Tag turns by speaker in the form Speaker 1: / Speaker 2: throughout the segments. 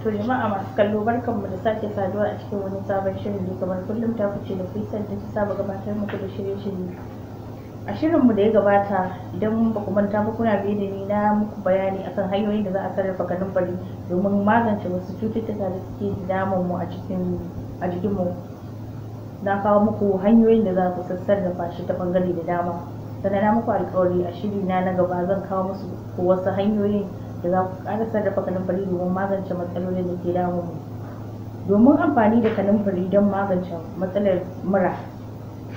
Speaker 1: To jama'a masu kallo mu da sake saduwa a cikin wani sabon shirin da kamar kullum ta fice da fitar da ta saba gabatar muku da shirye-shirye. A shirin mu da ya gabata idan ba ku manta ba kuna biye da ni na muku bayani akan hanyoyin da za a sarrafa kanunfari domin magance wasu cututtuka da suke damun mu a cikin a mu Na kawo muku hanyoyin da za ku sassarrafa shi ta bangare da dama. Sannan na muku alkawari a shiri na na gaba zan kawo musu wasu hanyoyin da za ku ƙara sarrafa kanumfari domin magance matsalolin da ke damun mu domin amfani da kanumfari don magance matsalar mura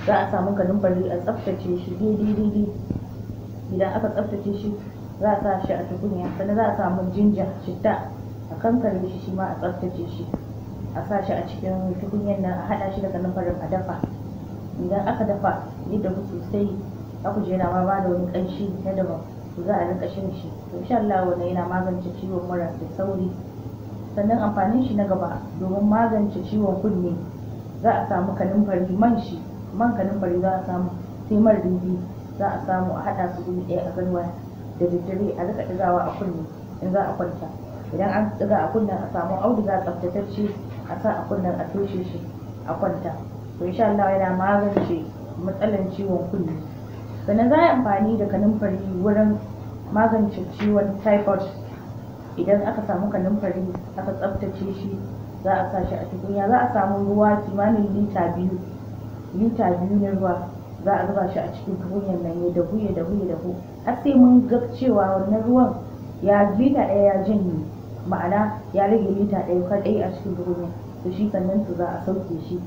Speaker 1: za a samu kanumfari a tsaftace shi daidai daidai idan aka tsaftace shi za a sa shi a tukunya sannan za a samu jinja citta a kankare shi shi ma a tsaftace shi a sa shi a cikin tukunyar nan a haɗa shi da kanumfarin a dafa idan aka dafa yadda ku sosai a ku ma ba da wani ƙanshi na daban to za a rinka shan shi to sha Allah wannan yana magance ciwon mura da sauri sannan amfanin shi na gaba domin magance ciwon kunne za a samu kanumfari man shi man kanumfari za a samu sai mara dubi za a samu a haɗa su guri ɗaya a garwaya da daddare a rika ɗigawa a kunne in za a kwanta idan an ɗiga a kunnen a samu auduga tsaftatacce a sa a kunnen a toshe shi a kwanta to insha Allah yana magance matsalan ciwon kunne sannan za a yi amfani da kanumfari wurin magance ciwon typhoid idan aka samu kanumfari aka tsaftace shi za a sa shi a tukunya za a samu ruwa kimanin lita biyu lita biyu na ruwa za a zuba shi a cikin tukunyar nan ya dahu ya dahu ya dahu har sai mun ga cewa wannan ruwan ya lita ɗaya ya janye ma'ana ya rage lita ɗaya kaɗai a cikin tukunyar to shi sannan to za a sauke shi